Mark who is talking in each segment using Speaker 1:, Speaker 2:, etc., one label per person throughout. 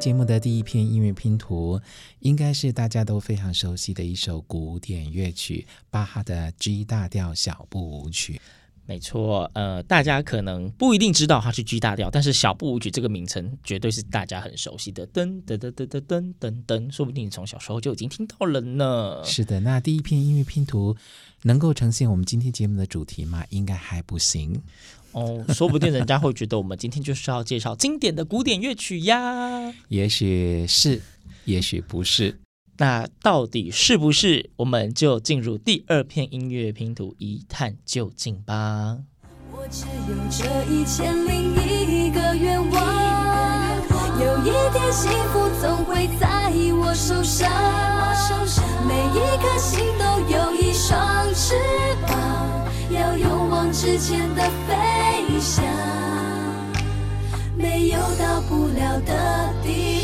Speaker 1: 節目的第一篇音樂拼圖，應該是大家都非常熟悉的一首古典樂曲——巴哈的《G 大調小步舞曲》。
Speaker 2: 沒錯，呃，大家可能不一定知道它是 G 大調，但是“小步舞曲”這個名稱絕對是大家很熟悉的。噔噔噔噔噔噔噔，說不定你從小時候就已經聽到了呢。是
Speaker 1: 的，那第一篇音樂拼圖能夠呈現我們今天節目的主題嗎？應該還不行。哦，說不定人家會
Speaker 2: 覺得我們今天就是要介紹經典的古典樂曲呀，
Speaker 1: 也許是，
Speaker 2: 也許不是 那到底是不是，我們就進入第二片音樂拼圖一探究竟吧。
Speaker 3: 我只有這一千零一個願望，一個願望，有一天幸福總會在我手上，每一顆心都有一雙翅膀，要用光之前的飛翔，沒有到不了的地方。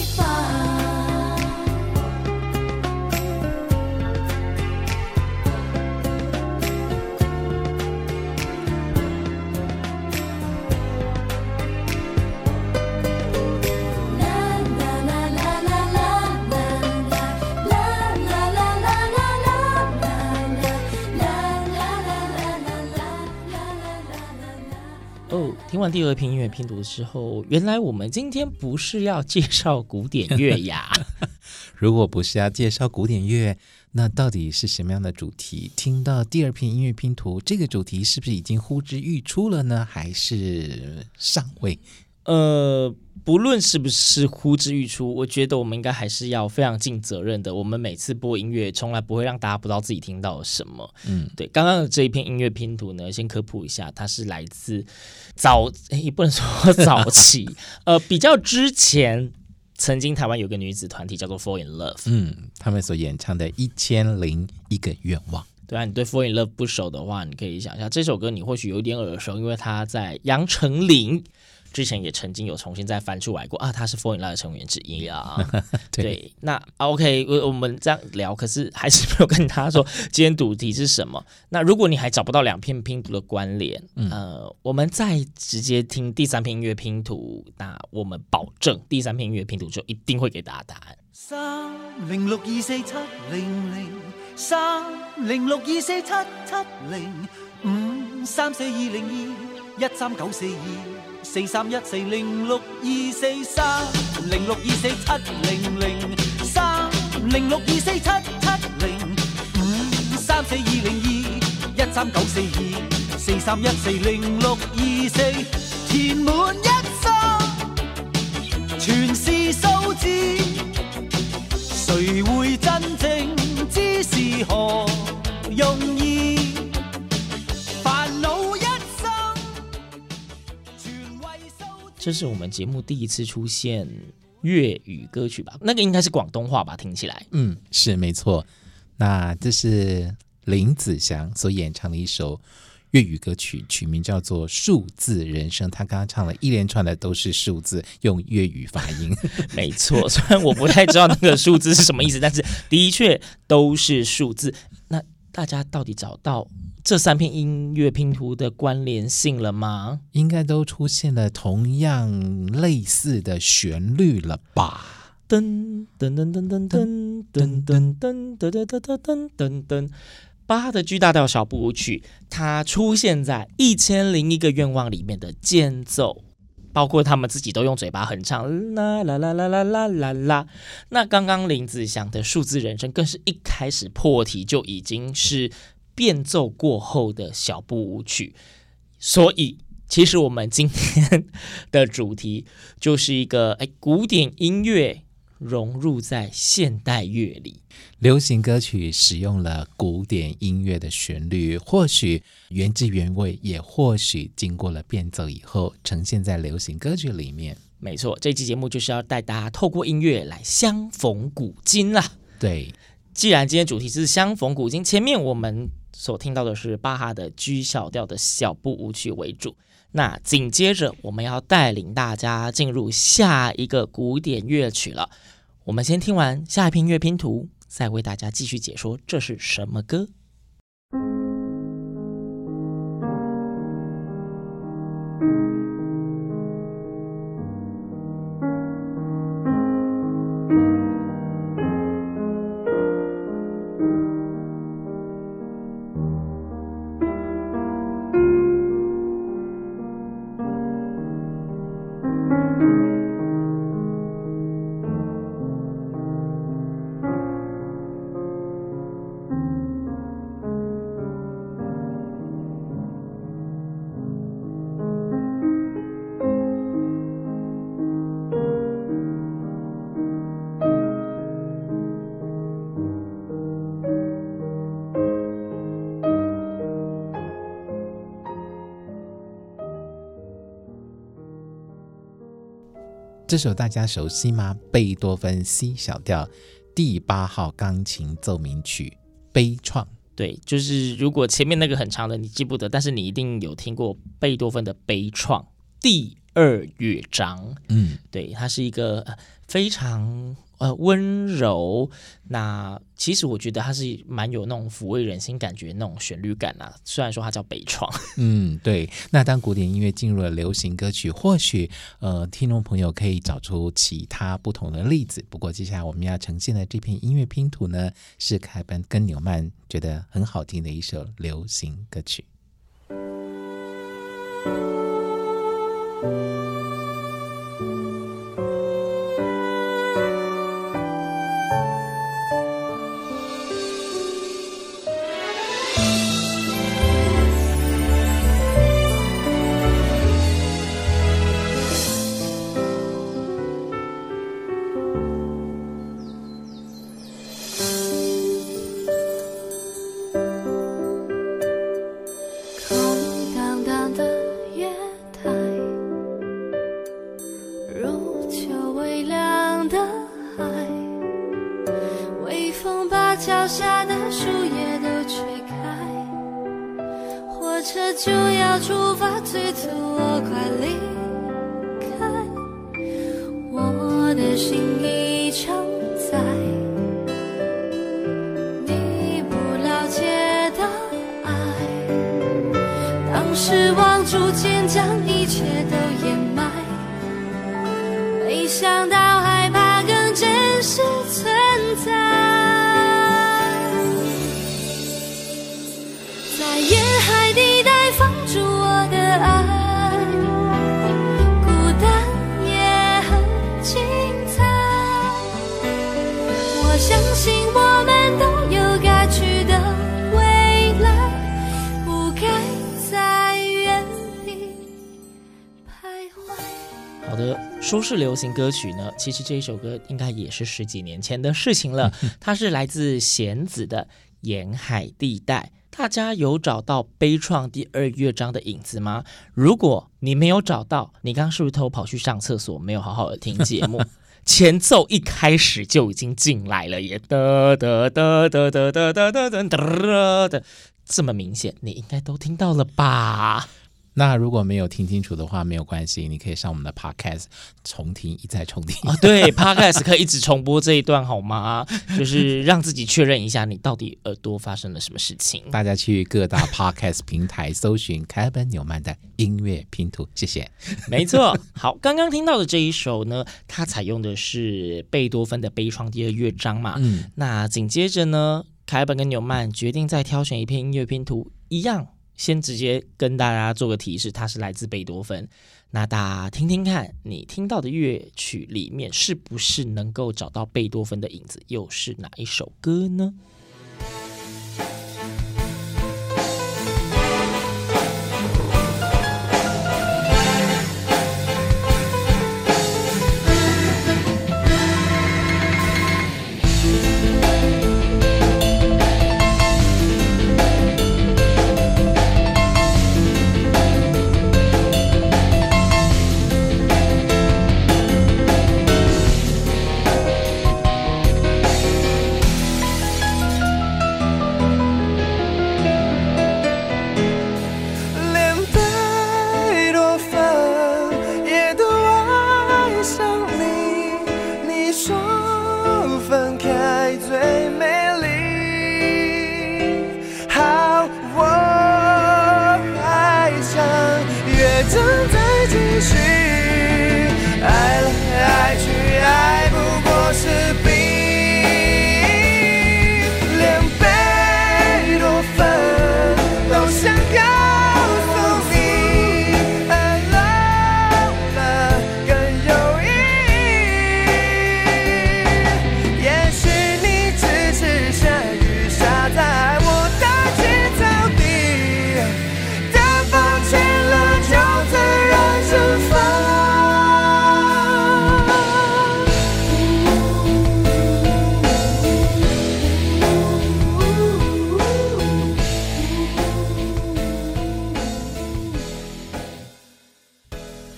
Speaker 2: 第二篇音樂拼圖的時候，原來我們今天不是要介紹古典樂呀？
Speaker 1: 如果不是要介紹古典樂，那到底是什麼樣的主題？聽到第二篇音樂拼圖，這個主題是不是已經呼之欲出了呢？還是上位？
Speaker 2: 呃。不論是不是呼之欲出，我覺得我們應該還是要非常盡責任的。我們每次播音樂，從來不會讓大家不知道自己聽到了什麼。嗯，對，剛剛的這一篇音樂拼圖呢，先科普一下，它是來自早，也、欸、不能說早期， 呃，比較之前，曾經台灣有個女子團體叫做《
Speaker 1: Fall in Love》，嗯，他們所演唱的《一千零一個願望》。
Speaker 2: 對啊，你對《Fall in Love》不熟的話，你可以想一下這首歌，你或許有點耳熟，因為它在楊丞琳。之前也曾經有重新再翻出來過啊，他是 Four in Love 成員之一啊。 對，對，那 OK，我我們這樣聊，可是還是沒有跟他說今天主題是什麼。那如果你還找不到兩片拼圖的關聯，嗯、呃，我們再直接聽第三片音樂拼圖，那我們保證第三片音樂拼圖就一定會給大家答案。
Speaker 3: 三零六二四七零零三零六二四七七零五三四二零二一三九四二。四三一四零六二四三零六二四七零零三零六二四七七零五三四二零二一三九四二四三一四零六二四填滿。
Speaker 2: 這是我們節目第一次出現粵語歌曲吧？那個應該是廣東話吧？聽起來，
Speaker 3: 嗯，
Speaker 1: 是沒錯。那這是林子祥所演唱的一首粵語歌曲，曲名叫做《數字人生》。他剛剛唱了一連串的都是數字，用粵語發音。沒錯，雖然我不太知道那個數字是什麼意思， 但是
Speaker 2: 的確都是數字。那大家到底找到？這三片音樂拼圖的關聯性了嗎？
Speaker 1: 應該都出現了同樣類似的旋律了吧？噔噔噔噔噔噔噔噔噔噔噔噔噔
Speaker 2: 八的 G 大調小步舞曲，它出現在《一千零一個願望》裡面的間奏，包括他們自己都用嘴巴哼唱啦啦啦啦啦啦啦啦。那剛剛林子祥的《數字人生》更是一開始破題就已經是。變奏過後的小步舞曲，所以其實我們今天的， 的主題就是一個誒，古典音樂融入在現代樂裡，
Speaker 1: 流行歌曲使用了古典音樂的旋律，或許原汁原味，也或許經過了變奏以後呈現在流行歌曲裡
Speaker 2: 面。沒錯，這期節目就是要帶大家透過音樂來相逢古今啦。對，既然今天的主題是相逢古今，前面我們。所聽到的是巴哈的 G 小調的小步舞曲為主。那緊接着，我們要帶領大家進入下一個古典樂曲了。我們先聽完下一篇樂拼圖，再為大家繼續解說這是什麼歌。
Speaker 1: 這首大家熟悉嗎？貝多芬 C 小調第八號鋼琴奏鳴曲，悲愴。對，
Speaker 2: 就是如果前面那個很長的你記不得，但是你一定有聽過貝多芬的悲愴第二樂章。嗯，對，它是一個非常。呃，溫柔，那其實我覺得它是蠻有那種撫慰人心感覺那種旋律感啊。雖然說它叫悲愴，
Speaker 1: 嗯，對。那當古典音樂進入了流行歌曲，或許呃，聽眾朋友可以找出其他不同的例子。不過接下來我們要呈現的這片音樂拼圖呢，是凱本跟紐曼覺得很好聽的一首流行歌曲。嗯
Speaker 2: 說是流行歌曲呢，其實這一首歌應該也是十幾年前的事情了。它是來自弦子的《沿海地帶》，大家有找到悲愴第二樂章的影子嗎？如果你沒有找到，你剛剛是不是偷跑去上廁所，沒有好好的聽節目？前奏一開始就已經進來了，耶，噠噠噠噠噠噠噠噠噠噠這麼明顯，
Speaker 1: 你應該都聽到了吧？那如果沒有聽清楚的話，沒有關係，你可以上我們的 Podcast 重聽一再重聽啊、哦，對 Podcast 可
Speaker 2: 以一直重播這一段 好嗎？就是讓自己確認一下你到底耳朵發生了什麼事情。大
Speaker 1: 家去各大 Podcast 平台搜尋楷爾本紐 曼的音樂拼圖，謝謝。
Speaker 2: 沒錯，好，剛剛聽到的這一首呢，它採用的是貝多芬的悲愴第二樂章嘛。嗯，那緊接着呢，楷爾本跟紐曼決定再挑選一篇音樂拼圖，嗯、一樣。先直接跟大家做個提示，它是來自貝多芬。那大家聽聽看，你聽到的樂曲裡面是不是能夠找到貝多芬的影子？又是哪一首歌呢？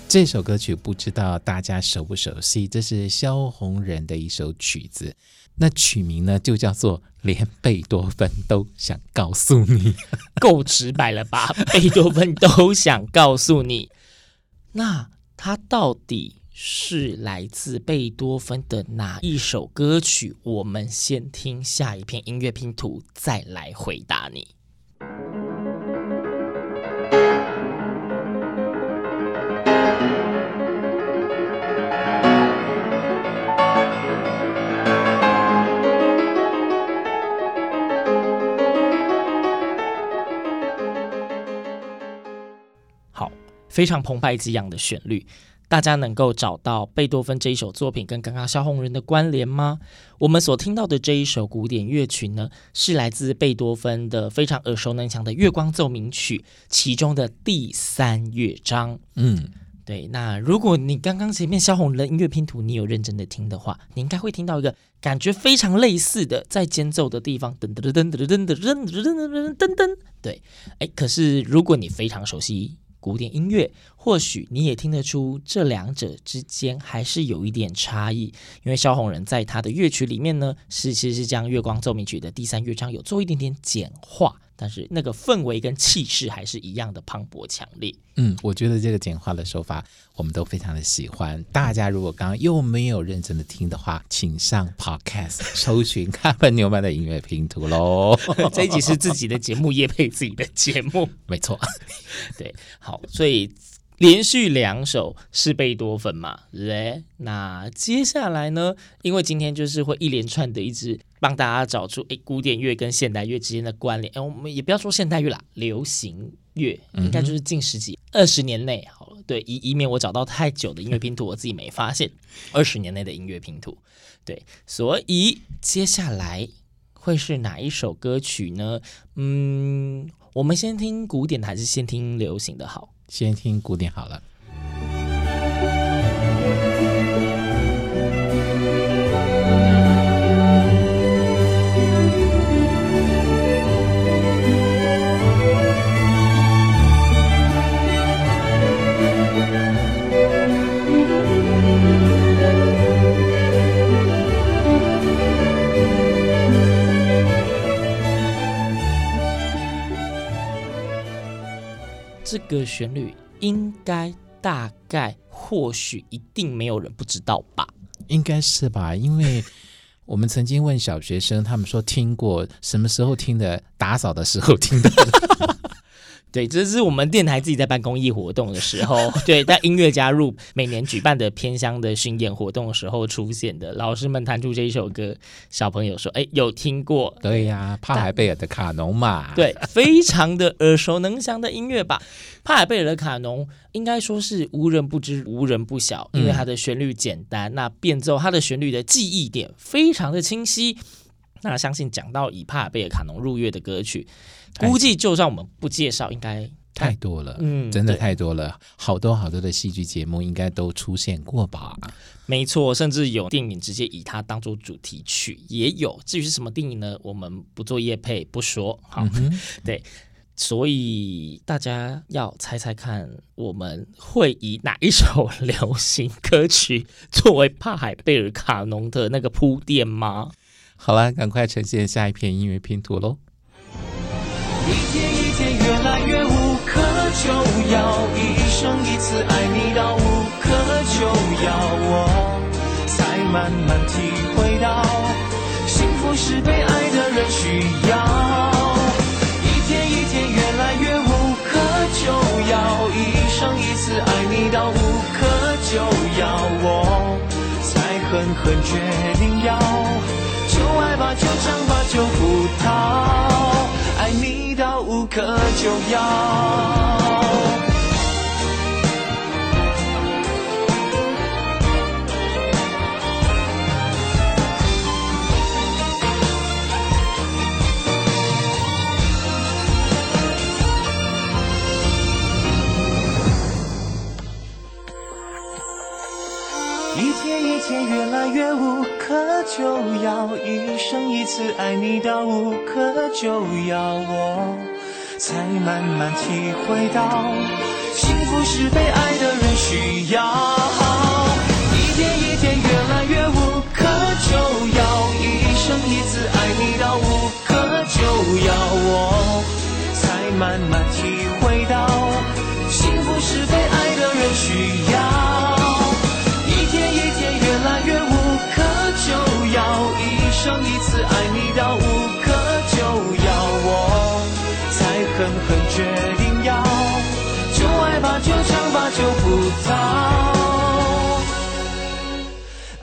Speaker 1: 這首歌曲不知道大家熟不熟悉？這是蕭閎仁的一首曲子，那曲名呢就叫做《連貝多芬都想告訴你》，夠
Speaker 2: 直白了吧？ 貝多芬都想告訴你， 那他到底是來自貝多芬的哪一首歌曲？我們先聽下一篇音樂拼圖，再來回答你。好，非常澎湃激昂的旋律，大家能夠找到貝多芬這一首作品跟剛剛蕭紅人的關聯嗎？我們所聽到的這一首古典樂曲呢，是來自貝多芬的非常耳熟能詳的《月光奏鳴曲》其中的第三樂章。嗯，對。那如果你剛剛前面蕭紅人的音樂拼圖，你有認真的聽的話，你應該會聽到一個感覺非常類似的，在間奏的地方，噔噔噔噔噔噔噔噔噔噔噔噔噔。對，哎，可是如果你非常熟悉。古典音樂，或許你也聽得出這兩者之間還是有一點差異，因為蕭紅人在他的樂曲裡面呢，是其實是將《月光奏鳴曲》的第三樂章有做一點點簡化。但是那個氛圍跟氣勢還是一樣的磅礴強烈。
Speaker 1: 嗯，我覺得這個簡化的手法我們都非常的喜歡。大家如果剛剛又沒有認真的聽的話，請上 Podcast 搜尋楷爾本紐曼的音樂拼圖嘍。 這一集是自己的節目，業 配自己的
Speaker 2: 節目，沒錯。 對，好，所以。連續兩首是貝多芬嘛？來，那接下來呢？因為今天就是會一連串的一直幫大家找出哎，古典樂跟現代樂之間的關聯。哎，我們也不要說現代樂啦，流行樂應該就是近十幾二十、嗯、哼年內好了。對，以以免我找到太久的音樂拼圖，嗯、我自己沒發現。二十年內的音樂拼圖，對。所以接下來會是哪一首歌曲呢？嗯，我們先聽古典的還是先聽流行的好？
Speaker 1: 先聽古典
Speaker 2: 好了。這個旋律應該大概或許一定沒有人不知道吧？
Speaker 1: 應該是吧，因為我們曾經問小學生，他們說聽過，什麼時候聽的？打掃的時候聽的。
Speaker 2: 對，這是我們電台自己在辦公益活動的時候， 對，在音樂家入每年舉辦的偏鄉的巡演活動的時候出現的，老師們彈出這一首歌，小朋友說：“哎，有聽過？”
Speaker 1: 對呀、啊，帕海貝爾的卡農嘛，
Speaker 2: 對，非常的耳熟能詳的音樂吧。 帕海貝爾的卡農應該說是無人不知，無人不曉，因為它的旋律簡單，嗯、那變奏它的旋律的記憶點非常的清晰。那相信講到以帕海貝爾卡農入樂的歌曲。估計就算我們不介紹，應該太多了，嗯，真的
Speaker 1: 太多了，對好多好多的戲劇節目應該都出現過吧？
Speaker 2: 沒錯，甚至有電影直接以它當做主題曲，也有。至於是什麼電影呢？我們不做業配不說。好，嗯、哼對，所以大家要猜猜看，我們會以哪一首流行歌曲作為帕海貝爾卡農的那個鋪墊嗎？
Speaker 1: 好啦，趕快呈現下一篇音樂拼圖嘍。
Speaker 3: 一天一天越來越無可救藥，一生一次愛你到無可救藥，我才慢慢體會到，幸福是被愛的人需要。一天一天越來越無可救藥，一生一次愛你到無可救藥，我才狠狠決定要，就愛吧就嘗吧就不逃，愛你。無可救藥。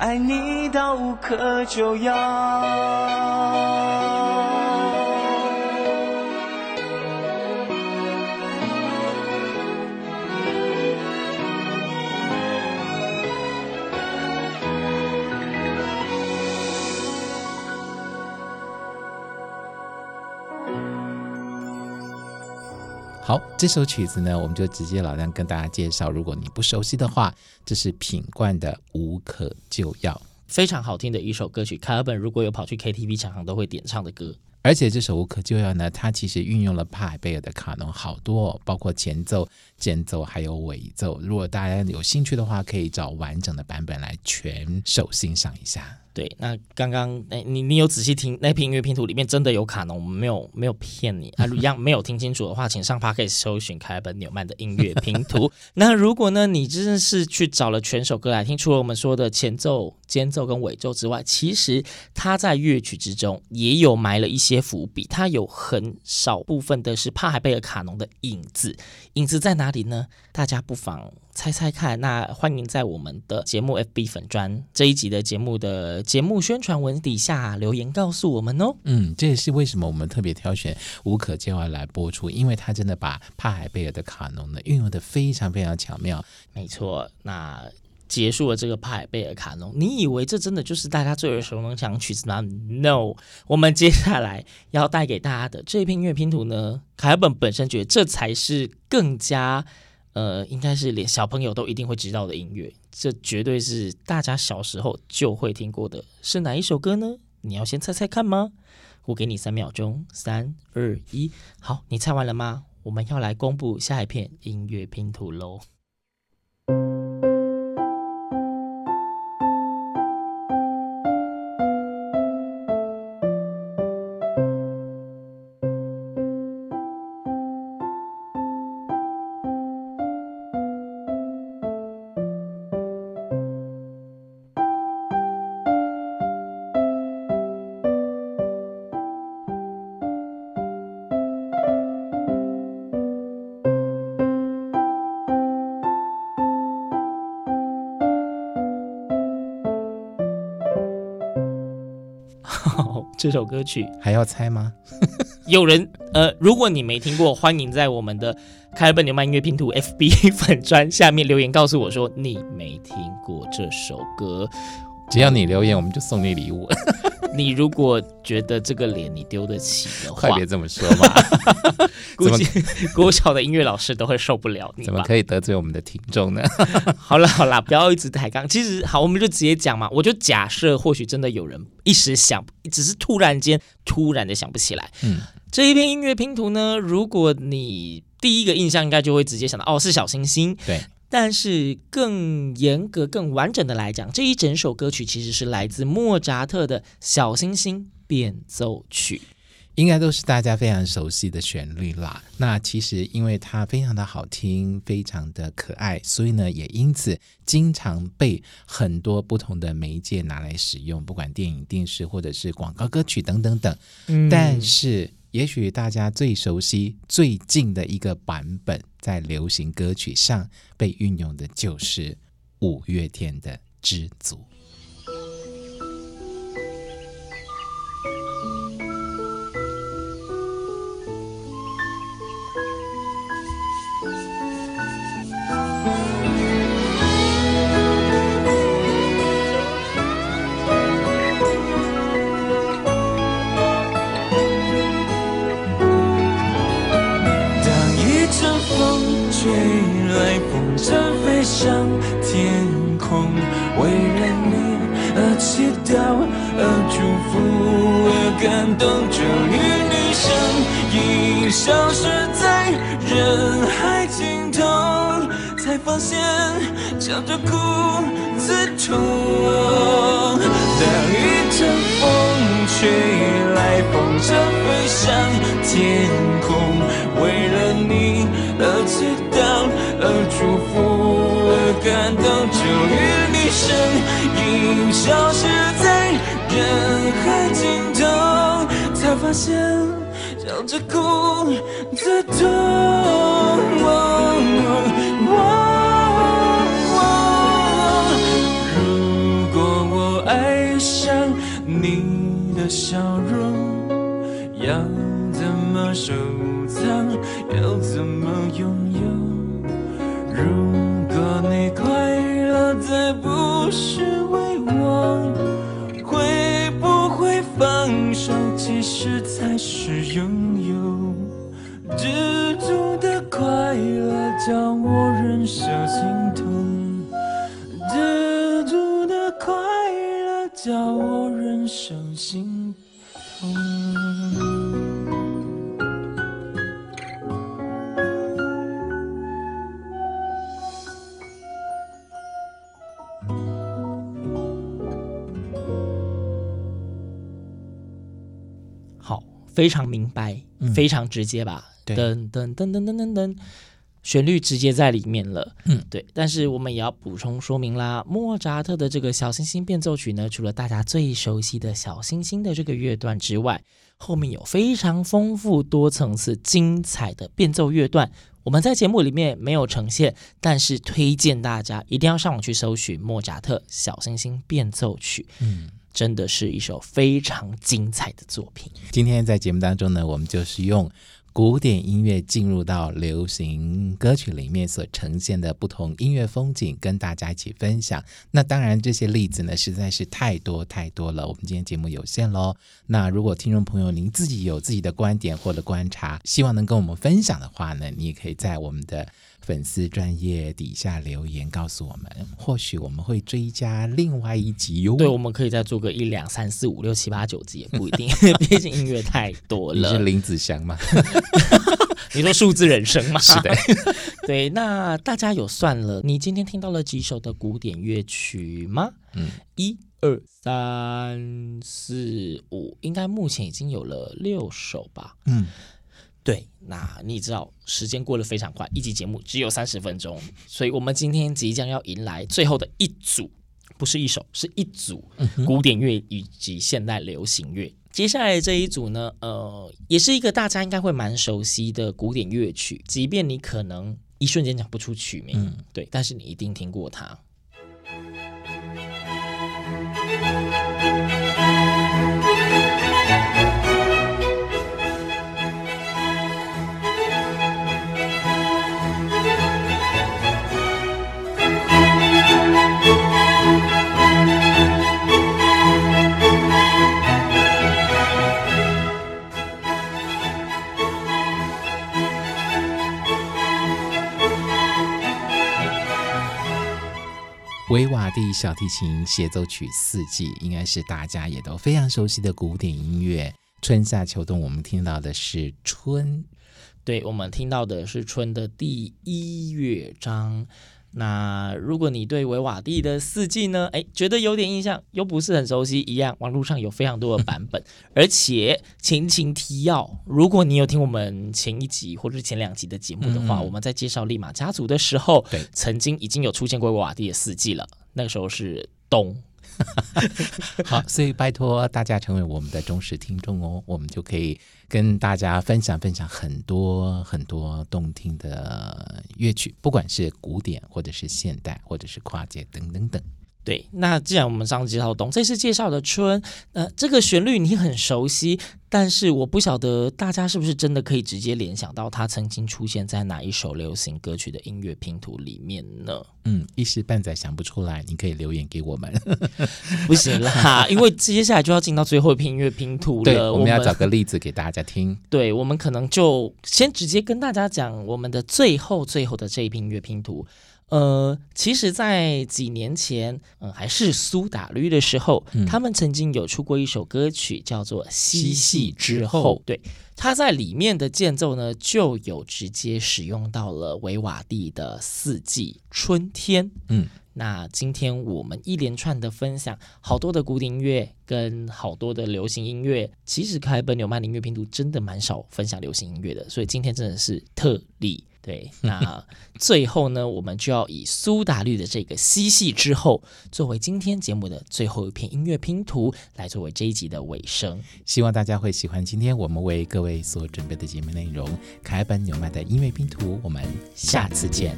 Speaker 3: 愛你到無可救藥。
Speaker 1: 好，這首曲子呢，我們就直接老張跟大家介紹。如果你不熟悉的話，這是品冠的《無可救藥》，
Speaker 2: 非常好聽的一首歌曲。楷爾本如果有跑去 K T V 場上都會點唱的歌。
Speaker 1: 而且這首《無可救藥》呢，它其實運用了帕海貝爾的卡農，好多哦，包括前奏、間奏還有尾奏。如果大家有興趣的話，可以找完整的版本來全首欣賞一下。
Speaker 2: 對，那剛剛，誒你你有仔細聽那篇音樂拼圖裡面真的有卡農，我們沒有沒有騙你啊。如果沒有聽清楚的話， 請上 Podcast 搜尋楷爾本紐曼的音樂拼圖。 那如果呢，你真的是去找了全首歌來聽，除了我們說的前奏，間奏跟尾奏之外，其實他在樂曲之中也有埋了一些伏筆。他有很少部分的是帕海貝爾卡農的影子，影子在哪裡呢？大家不妨猜猜看。那歡迎在我們的節目 FB 粉專這一集的節目的節目宣傳文底下留言
Speaker 1: 告訴我們哦。嗯，這也是為什麼我們特別挑選無可接外來播出，因為他真的把帕海貝爾的卡農呢運用得非常非常巧妙。沒錯，那。
Speaker 2: 結束了這個帕海貝爾卡農，你以為這真的就是大家最耳熟能詳的曲子嗎？No，我們接下來要帶給大家的這一片音樂拼圖呢，楷爾本本身覺得這才是更加，呃，應該是連小朋友都一定會知道的音樂，這絕對是大家小時候就會聽過的。是哪一首歌呢？你要先猜猜看嗎？我給你三秒鐘，三二一，好，你猜完了嗎？我們要來公布下一片音樂拼圖嘍。這首歌曲
Speaker 1: 還要猜嗎？
Speaker 2: 有人呃，如果你沒聽過，歡迎在我們的楷爾本紐曼音樂拼圖 F B 粉專下面留言，告訴我說你
Speaker 1: 沒聽過這首歌。只要你留言，我們就送你禮物。
Speaker 2: 你如果覺得這個臉你丟得起的話，快別這麼說嘛。 估計麼國小的音樂老師都會受不了你，怎麼可以得
Speaker 1: 罪我們的聽眾呢？
Speaker 2: 好了好了，不要一直抬槓。其實好，我們就直接講嘛。我就假設，或許真的有人一時想，只是突然間突然的想不起來。嗯，這一片音樂拼圖呢，如果你第一個印象應該就會直接想到哦，是小星星。對，但是更嚴格、更完整的來講，這一整首歌曲其實是來自莫扎特的《小星星變
Speaker 1: 奏曲》。應該都是大家非常熟悉的旋律啦。那其實因為它非常的好聽，非常的可愛，所以呢也因此經常被很多不同的媒介拿來使用，不管電影、電視或者是廣告歌曲等等等。嗯、但是也許大家最熟悉最近的一個版本，在流行歌曲上被運用的就是五月天的《知足》。
Speaker 4: 終於，你身影消失在人海盡頭，才發現笑著哭最痛。當一陣風吹來，風箏飛上天空，為了你而祈禱，而祝福，而感動。終於，你身影消失。想笑着哭的痛。如果我愛上你的笑容，要怎麼收藏？這才是擁有知足的快樂，叫我忍受心痛。知足的快樂，叫我忍受心痛。
Speaker 2: 非常明白，非常直接吧？嗯、對，噔噔噔噔噔噔，旋律直接在裡面了。嗯，對。但是我們也要補充說明啦，莫扎特的這個小星星變奏曲呢，除了大家最熟悉的“小星星”的這個樂段之外，後面有非常豐富、多層次、精彩的變奏樂段，我們在節目裡面沒有呈現，但是推薦大家一定要上網去搜尋莫扎特小星星變奏曲。嗯。真的是一首非常精
Speaker 1: 彩的作品。今天在節目當中呢，我們就是用古典音樂進入到流行歌曲裡面所呈現的不同音樂風景，跟大家一起分享。那當然，這些例子呢，實在是太多太多了。我們今天節目有限嘍。那如果聽眾朋友您自己有自己的觀點或者觀察，希望能跟我們分享的話呢，你也可以在我們的。粉絲專頁底下留言告訴我們，或許我們會追加另外一集喲、哦。對，我
Speaker 2: 們可以再做個一兩三四五六七八九集也不一定，因 畢竟音樂太多了。你是林子祥嗎？ 你說數字人生嗎？是的，對。那大家有算了，你今天聽到了幾首的古典樂曲嗎？嗯，一二三四五，應該目前已經有了六首吧。嗯。對，那你也知道，時間過得非常快，一集節目只有三十分鐘，所以我們今天即將要迎來最後的一組，不是一首，是一組古典樂以及現代流行樂。嗯、哼接下來這一組呢，呃，也是一個大家應該會蠻熟悉的古典樂曲，即便你可能一瞬間講不出曲名，嗯、對，但是你一定聽過它。
Speaker 1: 維瓦第小提琴協奏曲《四季》，應該是大家也都非常熟悉的古典音樂。春夏秋冬，我們聽到的是春，
Speaker 2: 對，我們聽到的是春的第一樂章。那如果你對韋瓦第的四季呢，哎，覺得有點印象，又不是很熟悉，一樣，網絡上有非常多的版本， 而且前情提要。如果你有聽我們前一集或者前兩集的節目的話，嗯、我們在介紹利馬家族的時候，對曾經已經有出現過韋瓦第的四季了，那個時候是冬。
Speaker 1: 好，所以拜託大家成為我們的忠實聽眾哦，我們就可以跟大家分享分享很多很多動聽的樂曲，不管是古典或者是現代或者是跨界等等等。
Speaker 2: 對，那既然我們上次介紹冬，這次介紹的春，呃，這個旋律你很熟悉，但是我不曉得大家是不是真的可以直接聯想到它曾經出現在哪一首流行歌曲的音樂拼圖裡面呢？嗯，一時半載想不出來，
Speaker 1: 你可以留言給我們。 不行啦，因
Speaker 2: 為接下來就要進到最後一拼音樂拼圖了。對，我們要找個例子給大家聽。對，我們可能就先直接跟大家講我們的最後最後的這一拼音樂拼圖。呃，其實，在幾年前，嗯、呃，還是蘇打綠的時候，嗯、他們曾經有出過一首歌曲，叫做《嬉戲之後》。後對，他在裡面的間奏呢，就有直接使用到了維瓦蒂的《四季·春天》。嗯，那今天我們一連串的分享，好多的古典音樂跟好多的流行音樂，其實楷爾本紐曼音樂拼圖真的蠻少分享流行音樂的，所以今天真的是特例。對，那 最後呢，我們就要以蘇打綠的這個《嬉戲》之
Speaker 1: 後，作為今天節目的最後一片音樂拼圖，來作為這一集的尾聲。希望大家會喜歡今天我們為各位所準備的節目內容——楷爾本紐曼的音樂拼圖。我們下次見。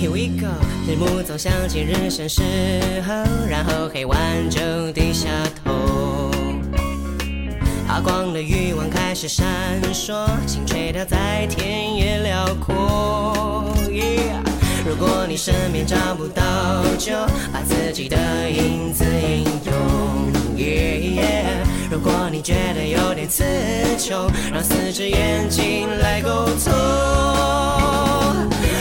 Speaker 5: Here we go，日暮總想起日升時候，然後夜晚就低下頭。發光的慾望開始閃爍，心垂掉在田野遼闊、yeah。如果你身邊找不到就，就把自己的影子引用、yeah。如果你覺得有點詞窮，讓四隻眼睛來溝通。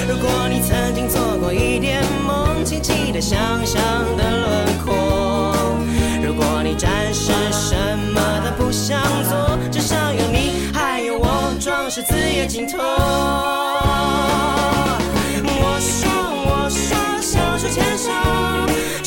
Speaker 5: 如果你曾經做過一點夢，請記得想象的輪廓。你暫時什麼都不想做，至少有你，還有我，裝飾自由盡頭。我說，我說，小手牽手。